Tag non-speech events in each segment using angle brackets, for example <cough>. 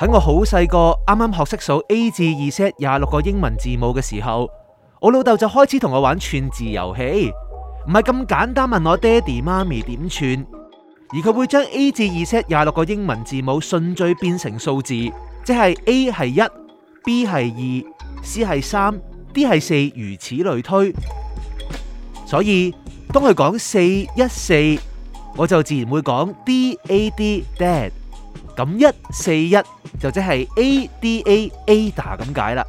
喺我好細個，啱啱學識數 A 至 Z 廿六個英文字母嘅時候，我老豆就開始同我玩串字遊戲。唔係咁簡單問我爹哋媽咪點串，而佢會將 A 至 Z 廿六個英文字母順序變成數字，即係 A 係一，B 係二，C 係三，D 係四，如此類推。所以當佢講四一四，我就自然會講 D A D Dad。咁一四一就即係 A D A ADA 咁解啦。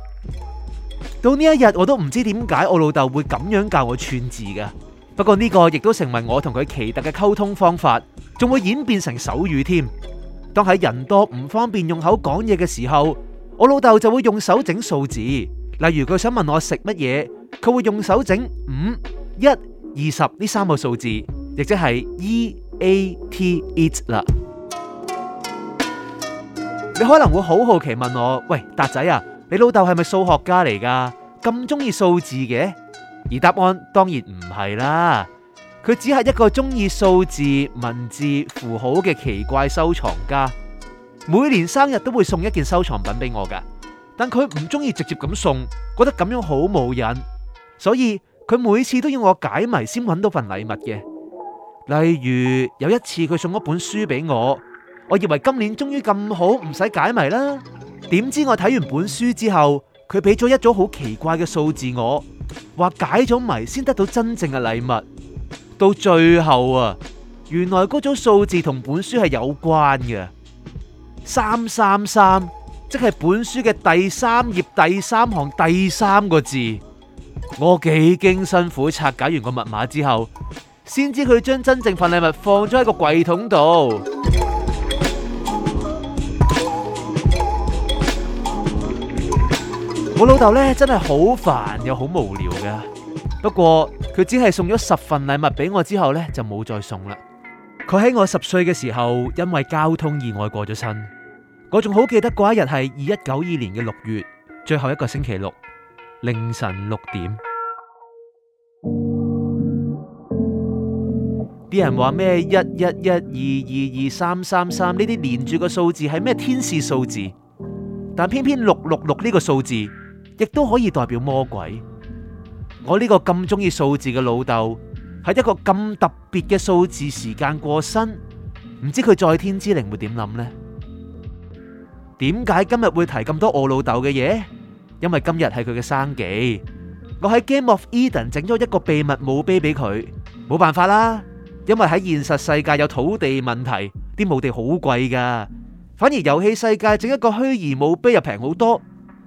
到呢一日我都唔知點解我老豆會咁樣教我串字㗎。不過呢個亦都成為我同佢奇特嘅溝通方法，仲會演變成手語添。當喺人多唔方便用口講嘢嘅時候，我老豆就會用手整數字。例如佢想問我食乜嘢，佢會用手整五、一、二十呢三個數字，亦即係 E A T E 啦。你可能會好好奇問我，喂達仔啊，你老豆係咪數學家嚟噶？咁中意數字嘅？而答案當然唔係啦，佢只係一個中意數字、文字、符號嘅奇怪收藏家。每年生日都會送一件收藏品俾我噶，但佢唔中意直接咁送，覺得咁樣好冇癮，所以佢每次都要我解謎先搵到份禮物嘅。例如有一次佢送咗一本書俾我。我以為今年終於咁好，唔使解謎啦。點知我睇完本書之後，佢俾咗一組好奇怪嘅數字我，話解咗謎先得到真正嘅禮物。到最後啊，原來嗰組數字同本書係有關嘅，三三三，即係本書嘅第三頁第三行第三個字。我幾經辛苦拆解完個密碼之後，先知佢將真正份禮物放咗喺個櫃桶度。我老豆咧真係好煩又好無聊㗎，不過佢只係送咗十份禮物俾我之後咧就冇再送啦。佢喺我十歲嘅時候，因為交通意外過咗身。我仲好記得嗰一日係二一九二年嘅六月，最後一個星期六凌晨六點。啲 <music> 人話咩一一一二二二三三三呢啲連住個數字係咩天使數字，但偏偏六六六呢個數字，亦都可以代表魔鬼。我呢個咁中意數字嘅老豆，係一個咁特別嘅數字時間過身，唔知佢在天之靈會點諗呢？點解今日會提咁多我老豆嘅嘢？因為今日係佢嘅生忌。我喺 Game of Eden 整咗一個秘密墓碑俾佢，冇辦法啦。因為喺現實世界有土地問題，啲墓地好貴噶，反而遊戲世界整一個虛擬墓碑又平好多。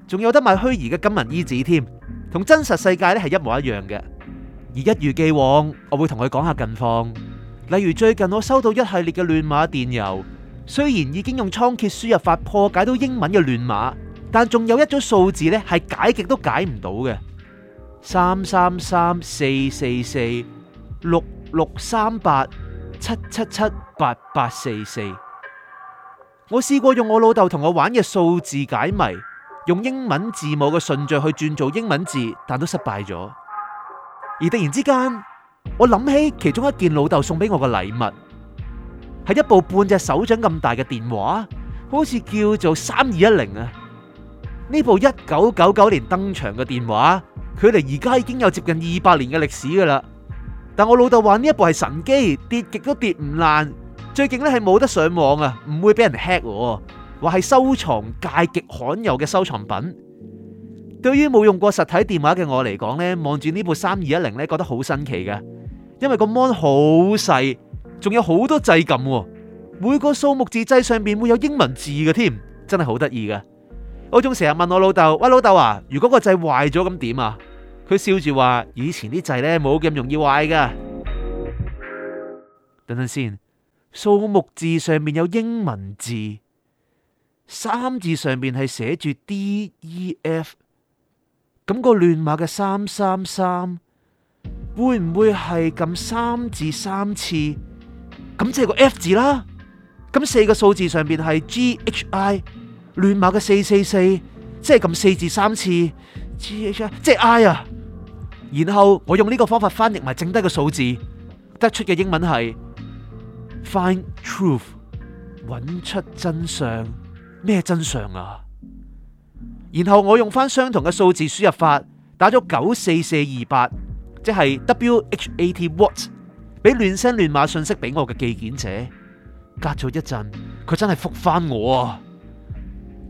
仲有得賣虛擬嘅金銀衣紙添，同真實世界咧係一模一樣嘅。而一如既往，我會同佢講下近況。例如最近我收到一系列嘅亂碼電郵，雖然已經用倉頡輸入法破解到英文嘅亂碼，但仲有一種數字咧係解極都解唔到嘅。三三三四四四六六三八七七七八八四四。我試過用我老豆同我玩嘅數字解謎。用英文字母嘅順序去轉做英文字，但都失敗咗。而突然之間，我諗起其中一件老豆送俾我嘅禮物，係一部半隻手掌咁大嘅電話，好似叫做三二一零啊。呢部一九九九年登場嘅電話，佢離而家已經有接近二百年嘅歷史噶啦。但我老豆話呢一部係神機，跌極都跌唔爛，最勁呢係冇得上網啊，唔會俾人 hack 喎。話係收藏界極罕有嘅收藏品。對於冇用過實體電話嘅我嚟講呢,望住呢部三二一零呢，覺得好新奇嘅。因為個 mon 好細，仲有好多掣撳，每個數目字掣上面會有英文字嘅添，真係好得意噶。我仲成日問我老豆，喂，老豆啊，如果個掣壞咗咁點啊？佢笑住話，以前啲掣呢，冇咁容易壞噶。等等先，數目字上面有英文字。三字上面係寫住 D E F，咁個亂碼嘅三三三會唔會係撳三字三次？咁即係個 F 字啦。咁四個數字上邊係 G H I，亂碼嘅四四四即係撳四字三次。G H I 即係 I 啊。然後我用呢個方法翻譯埋剩低嘅數字，得出嘅英文係 Find Truth，搵出真相。咩真相啊？然後我用翻相同嘅數字輸入法打咗九四四二八，即係 W H A T WHAT 俾 send 亂碼信息俾我嘅寄件者。隔咗一陣，佢真係復翻我啊！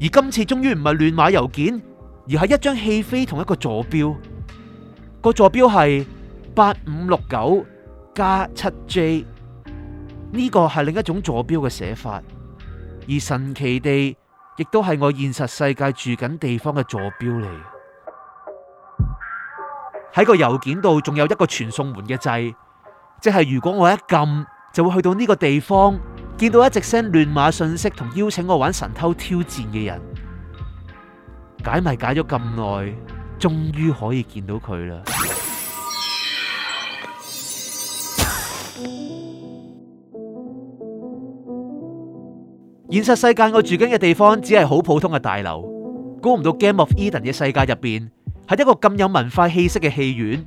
而今次終於唔係亂碼郵件，而係一張戲飛同一個坐標。個坐標係八五六九加七 J，呢個係另一種坐標嘅寫法，而神奇地，亦都係我現實世界住緊地方嘅坐標嚟。喺個郵件度仲有一個傳送門嘅掣，即係如果我一撳，就會去到呢個地方，見到一直 send 亂碼信息、同邀請我玩神偷挑戰嘅人。解謎解咗咁耐，終於可以見到佢啦。現實世界我住緊嘅地方只係好普通嘅大樓，估唔到《Game of Eden》嘅世界入面係一個咁有文化氣息嘅戲院。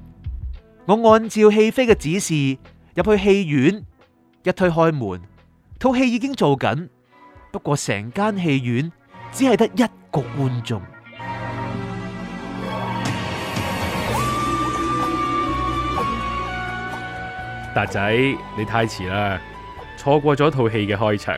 我按照戲飛嘅指示入去戲院，一推開門，套戲已經做緊，不過成間戲院只係得一個觀眾。達仔，你太遲啦，錯過咗套戲嘅開場。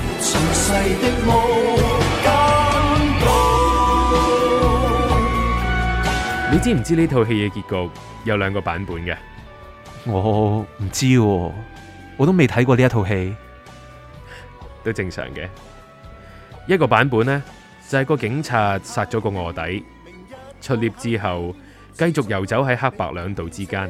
你知唔知呢套戲嘅結局有兩個版本嘅？我唔知、啊，我都未睇過呢一套戲，都正常嘅。一個版本呢，就係、是、個警察殺咗個臥底，出 𨋢 之後繼續遊走喺黑白兩道之間；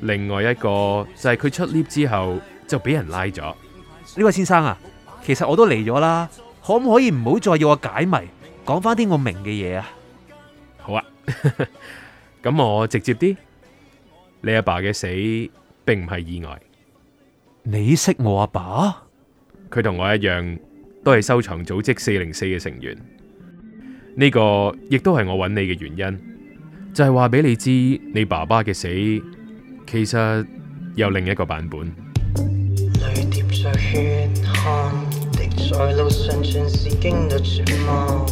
另外一個就係、是、佢出 𨋢 之後就俾人拉咗。呢位先生啊！其實我都嚟咗啦，可唔可以唔好再要我解謎，講返啲我明嘅嘢啊？好啊，咁我直接啲，你阿爸嘅死並唔係意外。你識我阿爸？佢同我一樣，都係收藏組織四零四嘅成員。呢個亦都係我揾你嘅原因，就係話俾你知，你爸爸嘅死其實有另一個版本。在路上全是經歷絕望，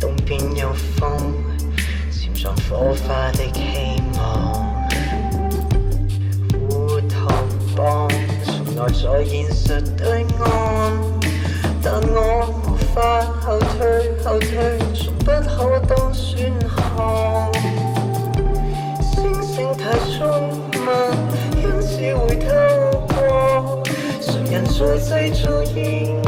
東邊有風，潛藏火花的希望。烏托邦從來在現實對岸，但我無法後退後退，從不可當選項。星星太匆忙，因此會偷過，誰人再製造煙？